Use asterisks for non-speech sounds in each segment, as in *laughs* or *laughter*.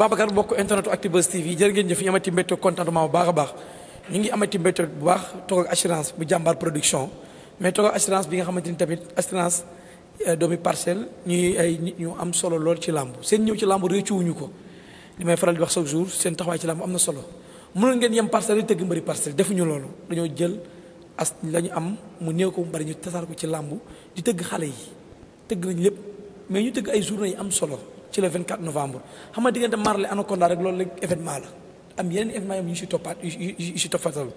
Babacar bokk internet Actubuzz TV jërë ngeen jëf ñu amati mbégte contentement bu baax a baax ñu ngi amati mbégte bu baax toog assurance bu jàmbaar production mais toog ak assurance bi nga xamante ni tamit assurance euh, doomi parcelle ñuy ay nit ñu am solo lool ci làmb seen ñëw ci làmb réccu ko li may faral di wax chaque jour seen taxawaay ci làmb am na solo mënoon ngeen yem parcelle yi tëgg mbëri parcelle defuñu loolu dañoo jël as la ñu am mu néew ko mu bari ñu tasaar ko ci làmb di tëgg xale yi tëgg nañ lépp mais ñu tëgg ay journée yi am solo ci le 24 novembre xam nga diggante Marley Anaconda rek loolu léegi événement la am yeneen événement yi si toppaat yu si toppatal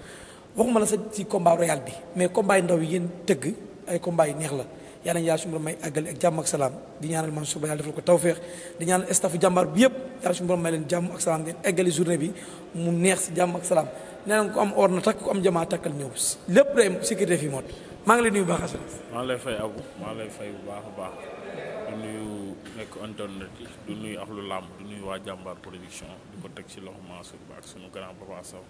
waxuma la si combat royal bi mais combat yi ndaw yi yéen tëgg ay combat neex la yal nañu yàlla suñu borom may àggali ak jàmm ak salaam di ñaanal Mansour Ba yàlla defal ko tawféex di ñaanal staffu jàmbaar bi yëpp yàlla suñu borom may leen jàmm ak salaam ngeen àggali journée bi mu neex si jàmm ak salaam nee nañ ko am or na k ko am jamaa takkal ñëw lépp day sécurité maa ngi lay nuyu baax a maa nekk internet yi du nuyu ak lu làmb du nuyu waa jàmbaar production di ko teg ci loxo Mansour Ba ak sunu grand papa Sow.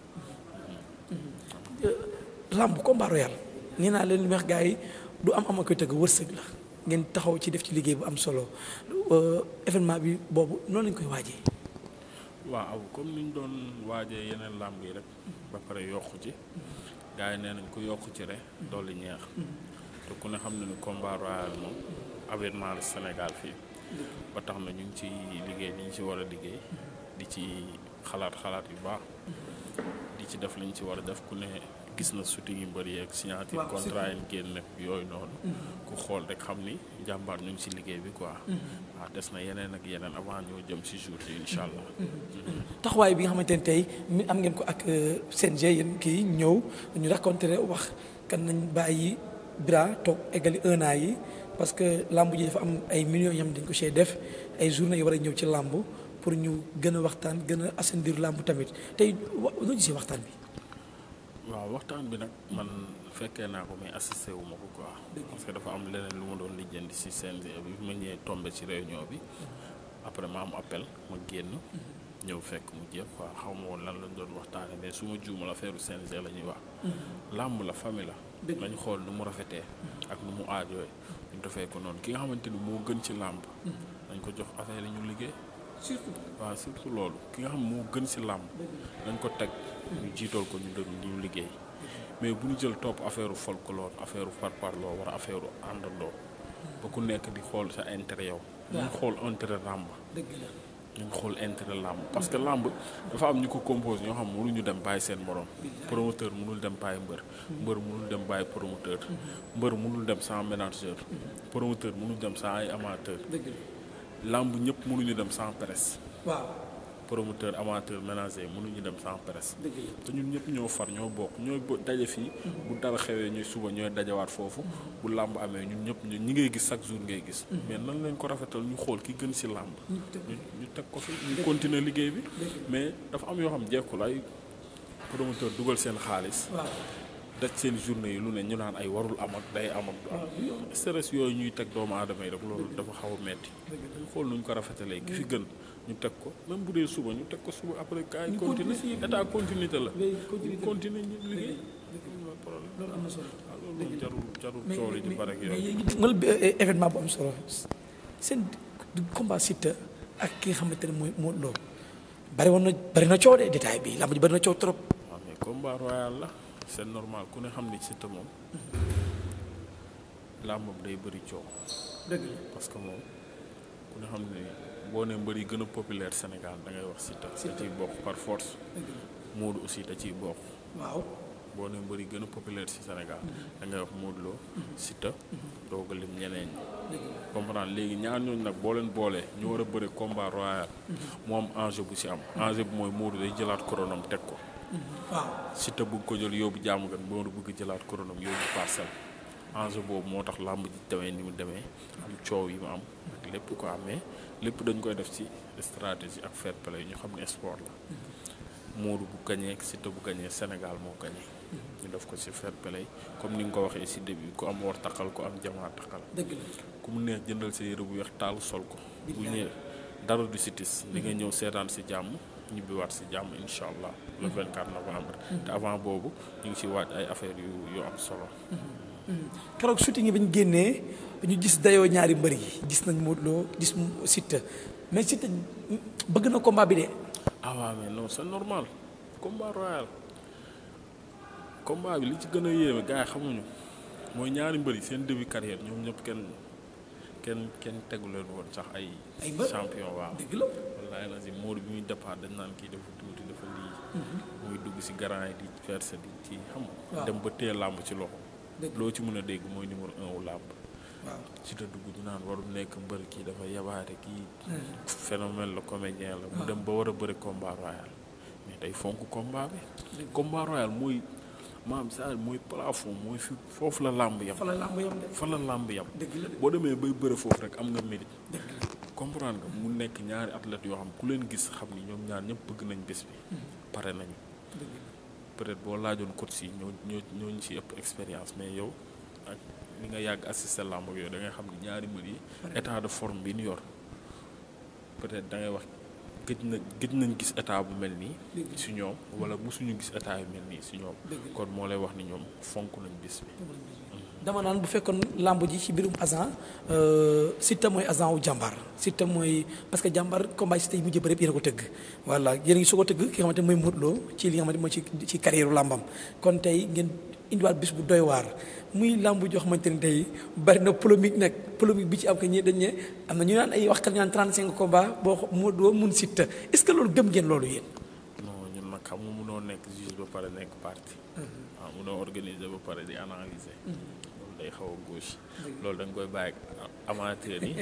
Mm-hmm. làmb combat royal nee leen li wax gars yi du am am a koy tëgg wërsëg la ngeen taxaw ci def ci liggéey bu am solo euh, événement bi boobu noonu lañ koy waajee. waaw comme ni ñu doon waajee yeneen làmb yi rek ba pare yokku ci gars yi nee nañ ko yokku ci rek dolli ñeex mm-hmm. te ku ne xam na ni combat royal moom avènement Sénégal fii. ba tax na ñu ngi ci liggéey li ñu ci war a liggéey di ci xalaat xalaat yu baax di ci def li ci war a def ku ne gis na shooting yi bëri yeeg signature contrat yi génn ak yooyu noonu mm-hmm. ku xool rek xam ni jàmbaar ñu ngi ci liggéey bi quoi mm-hmm. des na yeneen ak yeneen avant ñoo jëm ci jour yi incha mm-hmm. allah taxawaay bi nga xamante ne tey am ngeen ko ak CNG euh, yéen kii ñëw ñu raconter wax kan nañ bàyyi Bira toog eggali un yi parce que làmb ji dafa am ay millions yam xam dañ ko see def ay journée yu war a ñëw ci làmb pour ñu gën a waxtaan gën a assainir làmb tamit tey wa noo gisee waxtaan bi. waaw waxtaan bi nag man fekkee naa ko mais assisté wu ma ko quoi. parce que dafa am leneen lu ma doon lijjanti si CNG bi ma ñëwee tombé ci réunion bi. Mm-hmm. après ma am appel ma génn. Mm-hmm. ñëw fekk mu jeex quoi xaw ma woon lan lañu doon waxtaan waxtaanee mais su ma juumal affaire CNG la ñuy wax. Mm-hmm. làmb la famille la. nañ xool nu mu rafetee ak nu mu aajooy ñu defee ko noonu ki nga xamante ni moo gën ci làmb dañ mm-hmm. ko jox affaire la ñu liggéey surtout waaw surtout loolu ki nga xam moo gën ci làmb dañ ko teg mm-hmm. ñu jiitool ko ñu déglu ñu liggéey mm-hmm. mais bu ñu jël topp affaire folklore affaire parparloo war a affaire àndandoo ba ku nekk di xool sa intérêt yow ñu xool intérêt làmb nañ xool intérêt làmb parce que làmb dafa am ñu ko compose ñoo xam mu ñu dem bàyyi seen morom promoteur mënul dem bàyyi mbër mbër mënul dem bàyyi promoteur mbër mënul dem sans manager promoteur mënul dem sans ay amateur làmb ñëpp ñu dem sans presse waaw promoteur amateur ménager mënuñu dem san presse. te ñun ñëpp ñoo far ñoo bokk ñooy daje fii. Mm-hmm. bu dara xewee ñuy suba ñooy dajawaat foofu. Mm-hmm. bu làmb amee ñun ñëpp ñi ngay gis chaque jour ngay gis. Mm-hmm. mais nan lañ ko rafetal ñu xool ki gën ci làmb. ñu teg ko fi ñu continuer liggéey bi. mais dafa am yoo xam jekkul ay promoteur dugal seen xaalis. daj seen journée yi lu ne ñu naan ay warul am ak day am ak du am stress yooyu ñuy teg doomu aadama yi loolu dafa xaw a metti xool nuñ ko rafetalee ki fi gën ñu teg ko même bu dee suba ñu teg ko suba après. kaay continuer état continuité la. ñu continuer ñu liggéey. Ah, loolu am na solo. Ah, loolu jarul jarul tool yi di bare ak yow. mais euh, euh, événement bu am solo seen combat Siteu ak ki nga xamante ne mooy Modou Lo bari woon na bari na coow de détail bi lamb ji bari na coow trop. waaw ah, mais combat royal la c'est normal ku ne xam ne Siteu moom. làmbam day bëri coow. dëgg la parce que moom ku ne xam ne. boo ne mbër yi gën a populaire Sénégal da ngay wax Siteu. Siteu da ciy bokk par force. aussi da ciy bokk. boo ne mbër yi gën a populaire ci Sénégal. Mm-hmm. dangay ngay wax Modou Lo. Mm-hmm. Siteu. Mm-hmm. ñeneen ñi. léegi ñaar ñooñu nag boo leen boolee ñu war a bëri combat royal. mu am enjeu bu si am. enjeu bu mooy Modou day jëlaat koronam teg ko. waaw Siteu ko jël yóbbu jaamu gan Modou bëgg jëlaat koronam yóbbu parcelle. enjeu boobu moo tax làmb ji demee ni mu demee am coow yi mu am lépp ko amee lépp dañ koy def ci stratégie ak fair play ñu xam ne sport la Modou bu gañee Siteu bu gañee Sénégal moo gañee ñu def ko ci fair play comme ni nga ko waxee ci début ku am war taxal ku am jamaa taxal dëgg la ku mu neex jëndal sa yére bu weex taal sol ko bu dara du ci tis li nga ñëw seetaan si jàmm ñibbiwaat si jàmm incha allah le 24 novembre te avant boobu ñu ngi ci waaj ay affaire yu yu am solo keroog shooting yi ba ñu génnee ñu gis dayoo ñaari mbër yi. gis nañ Modou loo gis Siteu mais Siteu bëgg na combat bi de. ah waaw c'est normal combat royal combat bi li ci gën a yéeme gars xamuñu mooy ñaari mbër yi seen début carrière ñoom ñëpp kenn kenn kenn tegu leen woon sax ay. ay mbër champion waaw dëgg la. wallaahi la si Modou bi muy départ dañ naan kii dafa tuuti dafa lii. Mhm. muy dugg si garant yi di verser di ci xam. dem ba téye làmb ci loxo. loo ci mun a dégg mooy numéro un wu làmb. waaw si te dugg ñu naan war warul nekk mbër kii dafa yabaate kii. Hmm. phénomène la comédien la. mu dem ba war a bëri combat royal. mais day fonk combat bi. combat royal mooy maam saa mooy plafond mooy fi foofu la làmb yam. fa la làmb yam de boo demee bay bëre foofu rek am nga mérite. comprendre nga mu nekk ñaari athlètes yoo xam ku leen gis xam ni ñoom ñaar ñëpp bëgg nañu bés bi. Hmm. pare nañu. peut-être boo laajoon coach si ñoo ñoo ñooñu ci ëpp expérience mais yow ak li nga yàgg assister làmb yooyu da ngay xam ne ñaari mbër yi état de forme bi ñu yor peut-être da ngay wax gëj na gëj nañ gis état bu mel nii si ñoom wala mosuñu gis état yu mel nii si ñoom kon moo lay wax ni ñoom fonk nañ bis bi dama naan bu fekkoon làmb ji ci biirum agent euh, Siteu mooy agent wu jàmbaar Siteu mooy parce que jàmbaar combat Siteu yi mujj bëri yéen a ko tëgg voilà yéen a ngi ko tëgg ki mooy Modou Lo ci li nga xamante mooy ci ci kon tey ngeen indiwaat bis bu doy waar muy làmb joo xamante ni tey bari na polémique nag polémique bi ci am que dañ na ñu naan ay waxkat ñu naan 35 combat boo xam Modou mun Siteu est que loolu gëm ngeen loolu yéen. non ñun nag xam nga munoo nekk juge ba pare nekk parti. waaw munoo organiser ba pare di analyser. day xaw a gauche loolu dañ koy bàyyi *laughs* ak amateurs yi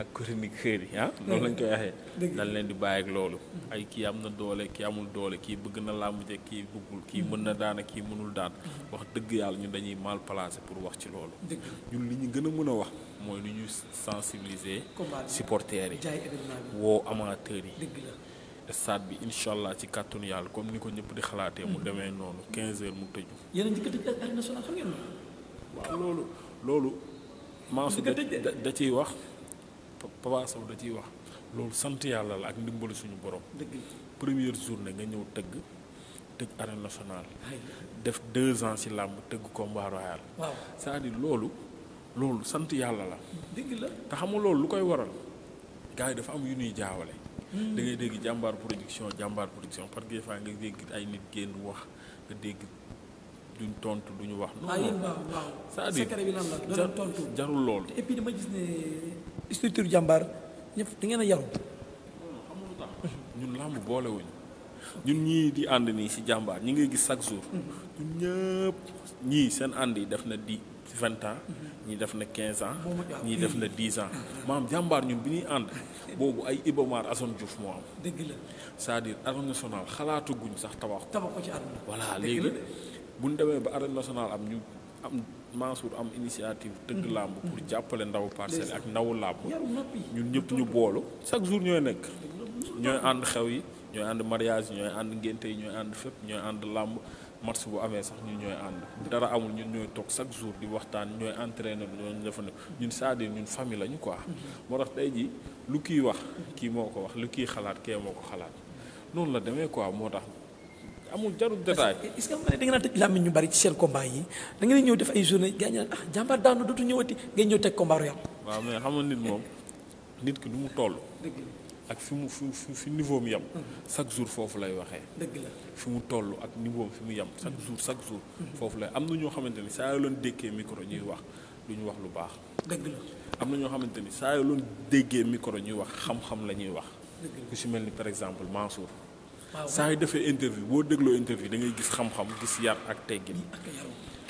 ak chroniqueurs yi ah loolu lañ koy waxee dañ leen di bàyyi ak loolu ay kii am na doole ki amul doole kii bëgg na làmb je kii bëggul kii mën na daan ak kii mënul daan mm-hmm. wax dëgg yàlla ñu dañuy mal placé pour wax ci loolu ñun li ñu gën a mën a wax mooy nu ñu sensibiliser supporters yi woo amateurs yi stade bi incha allah ci kàttanu yàlla comme ni ko ñëpp di xalaatee mu mm-hmm. demee noonu 15 heures mu tëju. waaw loolu loolu Mansour da ciy wax Papa Sow da ciy wax loolu sant yàlla la ak ndimbalu suñu borom première journée nga ñëw tëgg tëgg arène nationale def deux ans ci làmb tëgg combat royal cest loolu loolu sant yàlla la dëgg la te xam nga loolu lu koy waral gars yi dafa am yu nuy jaawale hmm. da ngay dégg jàmbaar production jàmbaar production parce que des fois nga dégg ay nit génn wax nga dégg duñ tontu duñu wax. Ah, non non c'est-à-dire jarul loolu. et dama gis ne structure jàmbaar ñëpp da ngeen a yaru. ñun làmb boolewuñu ñun ñii di ànd nii si jàmbaar ñi ngay gis chaque jour. Mhm. ñun ñëpp ñii seen ànd yi def na di vingt ans. Mhm. ñii def na quinze ans. ñii def na dix ans. Mhm. maam jàmbaar ñun bi ñuy ànd. boobu ay Ibomar Assane Diouf moo am. dëgg la cest à xalaataguñ sax tabax ko. tabax ci àdduna voilà léegi. bu ñu demee ba arène national am ñu am Mansour am initiative. tëgg mhm. làmb pour jàppale ndaw parcelle ak ndawu làmb. ñun ñëpp ñu boolu chaque jour ñooy nekk. ñooy ànd xew yi ñooy ànd mariage ñooy ànd ngénte yi ñooy ànd fépp ñooy ànd làmb match bu amee sax ñun ñooy ànd. dara amul ñun ñooy toog chaque jours di waxtaan ñooy entraîner ñooñu dafa nekk ñun c'est-à-dire ñun famille lañu quoi. Mhm. moo tax tey jii lu kiy wax kii moo ko wax lu kiy xalaat kee moo ko xalaat noonu la demee quoi moo tax. amul jarul détail est-ce que da nga naan tëj làmmiñ ñu bari ci seen combat yi da nga ñëw def ay journée gars ñi naan ah jàmbaar daanu dootu ñëwati ngay ñëw teg combat royal. waaw mais xam nga nit moom nit ki du mu toll. ak fi mu fi fi niveau mu yem. Mm-hmm. chaque jour foofu lay waxee. dëgg la fi mu toll ak niveau fi mu yem mm-hmm. chaque jour chaque jour. Mm-hmm. foofu lay am na ñoo xamante ni saa yoo leen dékkee micro ñuy wax lu ñu wax lu baax. dëgg am na ñoo xamante ni saa yoo leen déggee micro ñuy wax xam-xam la ñuy wax. ku si mel ni par exemple Mansour. saa yu defee interview boo dégloo interview da ngay gis xam-xam gis yar ak teggin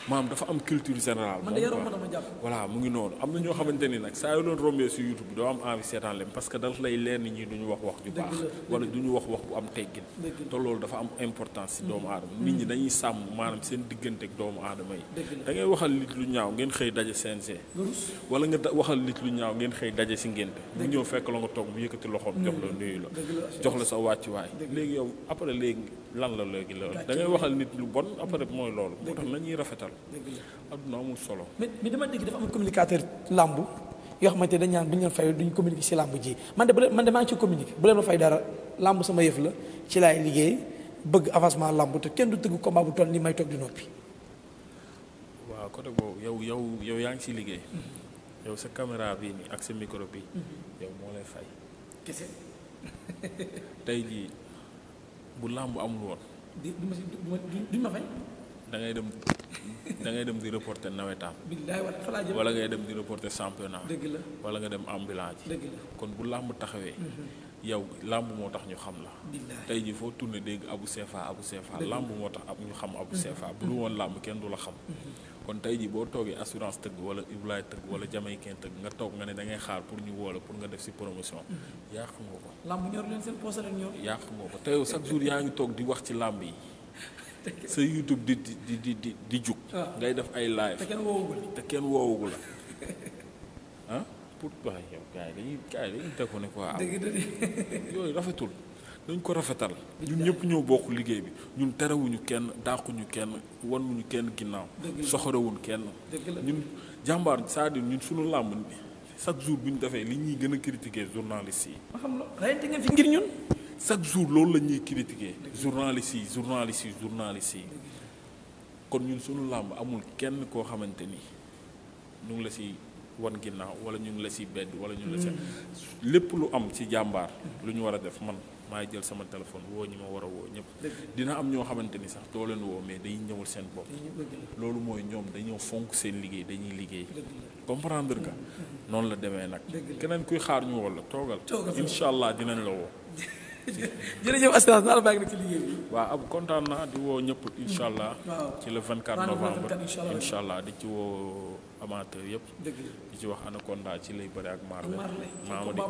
maanaam dafa am culture générale. man de yaram mu ngi noonu am na ñoo xamante ni nag saa yoo doon rombee si YouTube bi doo am envie seetaan leen parce que daf lay leer ni ñi du ñu wax wax ju baax. wala du ñu wax wax bu am teggin. te loolu dafa am importance si mm-hmm. doomu aadama. nit ñi dañuy sàmm maanaam seen diggante ak doomu aadama yi. da ngay waxal nit lu ñaaw ngeen xëy daje CNG. wala nga waxal nit lu ñaaw ngeen xëy daje si ngénte mu ñëw fekk la nga toog mu yëkkati loxoom jox la mm-hmm. nuyu la. la sa wàccuwaay. léegi yow léegi lan la léegi loolu da ngay waxal nit lu bon après mm-hmm. mooy loolu moo rafetal adduna amul solo. mais mais dama dégg dafa am communicateur làmb yoo xamante dañ ñaan bu ñu leen fay duñ communiquer ci làmb ji man de man de maa ngi ci communiquer bu leen ma fay dara làmb sama yëf la ci lay liggéey bëgg avancement làmb te kenn du tëgg combat bu toll nii may toog di noppi. waaw côté boobu yow yow yow yaa ngi ciy liggéey. Mm-hmm. yow sa caméra bii nii ak sa micro bi mm-hmm. yow moo lay fay. kese. *laughs* tey jii bu làmb amul woon. di ma fay. da dem da ngay dem di reporter nawetaan. wala ngay dem di reporter championnat. wala nga dem ambulance ji. kon bu làmb taxawee. Mhm. yow làmb moo tax ñu xam la. tey jii foo tourné dégg Abou Sefa Abou Sefa làmb moo tax ab ñu xam Abou mhm. Sefa bu dul woon làmb kenn du la xam. Mhm. kon tey jii boo toogee assurance tëgg wala Ibrahima tëgg wala Jamaïcain tëgg nga toog nga ne da ngay xaar pour ñu woo la pour nga def si promotion. yàq nga ko. làmb ñor yàq nga ko te yow chaque jour yaa ngi toog di wax ci làmb yi. *laughs* sa YouTube di di di di di jug. Ah. ngay def ay live. te kenn woowu la te pour waa yow gars dañuy gars yi dañuy tegu ne quoi. dëgg dëgg *laughs* rafetul. dañ ko rafetal ñun ñëpp ñëw bokk liggéey bi ñun terewuñu kenn dàquñu kenn won wanuñu kenn ginnaaw. soxorewuñ kenn. ñun jàmbaar c'est-à-dire ñun suñu làmb chaque jour bu ñu defee li ñuy gën a critiquer journaliste yi. xam la ngir ñun. chaque jour loolu la ñuy critiquer journalistes yi journalistes yi journalistes yi kon ñun suñu làmb amul kenn koo xamante ni ñu ngi la si wan ginnaaw wala ñu ngi la si bedd wala ñu ngi la si mm. lépp lu am ci jàmbaar lu ñu war a def man maay jël sama téléphone woo ñi ma war a woo ñëpp dina am ñoo xamante ni sax doo leen woo mais dañuy ñëwul seen bopp loolu mooy ñoom dañoo fonk seen liggéey dañuy liggéey comprendre nga mm-hmm. noonu la demee nag keneen kuy xaar ñu woo la toogal incha allah dinañ la woo *laughs* waa *laughs* assurance naa ab kontaan naa di woo ñëpp incha allah. ci le 24 novembre incha allah di ci woo amateur yëpp. di ci wax Anaconda ci lay bëre ak Marley. Mamadi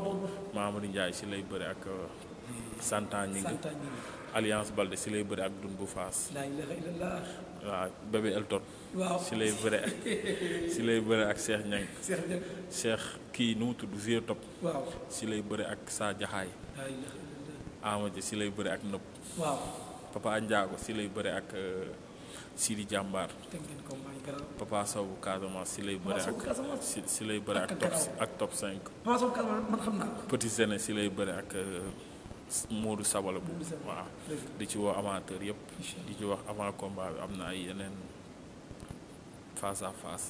Mamadi Ndiaye ci lay bëre ak euh, Santa Gningue. Alliance Balde ci lay bëre ak Dun bu Faas. waaw Bébé Elton. ci lay bëre ak ci lay bëre ak *laughs* Cheikh Niang. Cheikh kii nu mu tudd Vieux ci lay bëre ak Sa Jaxaay. Ama Dia si lay bëre ak nëpp waaw Papa Ndiago si lay bëre ak euh, Sidi Jàmbaar Papa Sow bu si lay bëre ak si si lay bëre ak top ak top 5 Petit Zene si lay bëre ak euh, Modou Sabala bu waaw di ci woo amateur yëpp di ci wax avant combat bi am na ay yeneen face à face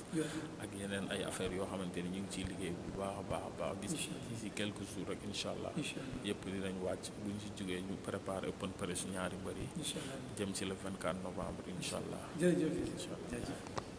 ak yeneen ay affaires yoo xamante ni ñu ngi ciy liggéey bu baax a baax a baax d'ici d'ici quelques jours rek incha allah yëpp dinañ wàcc bu ñu si jógee ñu préparé open press ñaari mbër yi jëm ci le 24 novembre incha allah jërëjëf allah